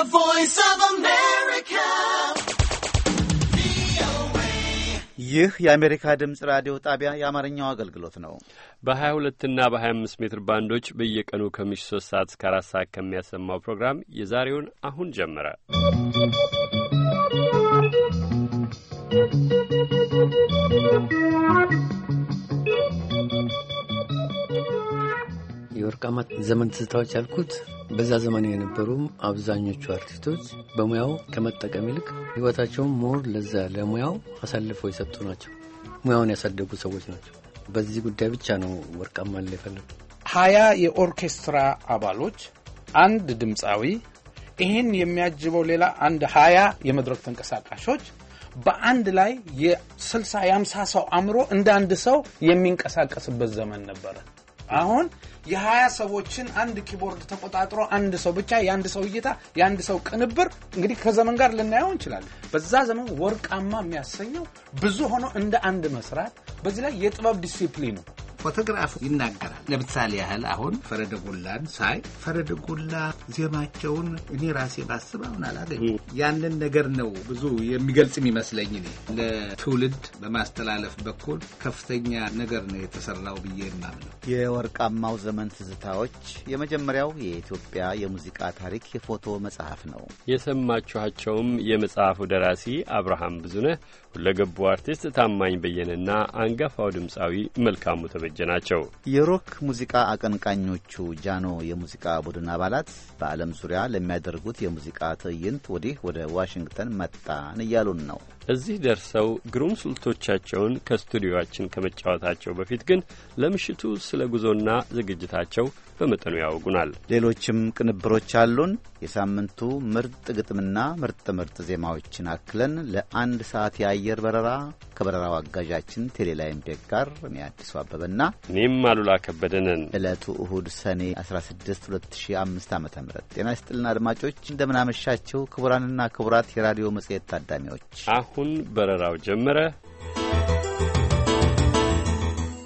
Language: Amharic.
The voice of America. ይህ የአሜሪካ ድምፅ ራዲዮ ጣቢያ የአማርኛው አገልግሎት ነው። በ22 እና በ25 ሜትር ባንዶች በየቀኑ ከምሽቱ 3 ሰዓት እስከ 4 ሰዓት ከሚያሰማው ፕሮግራም የዛሬውን አሁን ጀመረ። የወርቃማት ዘመን ትዝታዎች ያልኩት በዛ ዘመን የነበሩ አብዛኞቹ አርቲስቶች በሙያው ከመጠቀም ይልቅ ህይወታቸውን ሞር ለዛ ለሙያው አሳልፈው የሰጡ ናቸው። ሙያውን ያሳደጉ ሰዎች ናቸው። በዚህ ጉዳይ ብቻ ነው ወርቃማ ላ የፈለጉ ሀያ የኦርኬስትራ አባሎች፣ አንድ ድምፃዊ፣ ይህን የሚያጅበው ሌላ አንድ ሀያ የመድረክ ተንቀሳቃሾች በአንድ ላይ የ60 የአምሳ ሰው አእምሮ እንደ አንድ ሰው የሚንቀሳቀስበት ዘመን ነበረ። አሁን የሀያ ሰዎችን አንድ ኪቦርድ ተቆጣጥሮ አንድ ሰው ብቻ የአንድ ሰው እይታ የአንድ ሰው ቅንብር እንግዲህ ከዘመን ጋር ልናየው እንችላለን። በዛ ዘመን ወርቃማ የሚያሰኘው ብዙ ሆኖ እንደ አንድ መስራት፣ በዚህ ላይ የጥበብ ዲሲፕሊን ነው። ፎቶግራፍ ይናገራል። ለምሳሌ ያህል አሁን ፈረደጎላን ሳይ ፈረደጎላ ዜማቸውን እኔ ራሴ ባስብ አሁን አላገኝ ያንን ነገር ነው ብዙ የሚገልጽ የሚመስለኝ እኔ ለትውልድ በማስተላለፍ በኩል ከፍተኛ ነገር ነው የተሰራው ብዬ የማምነው። የወርቃማው ዘመን ትዝታዎች የመጀመሪያው የኢትዮጵያ የሙዚቃ ታሪክ የፎቶ መጽሐፍ ነው። የሰማችኋቸውም የመጽሐፉ ደራሲ አብርሃም ብዙነህ፣ ሁለገቡ አርቲስት ታማኝ በየነና አንጋፋው ድምፃዊ መልካሙ ተበ የበጀ ናቸው። የሮክ ሙዚቃ አቀንቃኞቹ ጃኖ የሙዚቃ ቡድን አባላት በዓለም ዙሪያ ለሚያደርጉት የሙዚቃ ትዕይንት ወዲህ ወደ ዋሽንግተን መጣን እያሉን ነው። እዚህ ደርሰው ግሩም ስልቶቻቸውን ከስቱዲዮአችን ከመጫወታቸው በፊት ግን ለምሽቱ ስለ ጉዞና ዝግጅታቸው በመጠኑ ያውጉናል። ሌሎችም ቅንብሮች አሉን። የሳምንቱ ምርጥ ግጥምና ምርጥ ምርጥ ዜማዎችን አክለን ለአንድ ሰዓት የአየር በረራ ከበረራው አጋዣችን ቴሌላይምቤክ ጋር እኔ አዲሱ አበበና እኔም አሉላ ከበደንን ዕለቱ እሁድ ሰኔ 16 2005 ዓ ም ጤና ይስጥልን አድማጮች እንደምናመሻቸው ክቡራንና ክቡራት የራዲዮ መጽሔት ታዳሚዎች በረራው ጀመረ።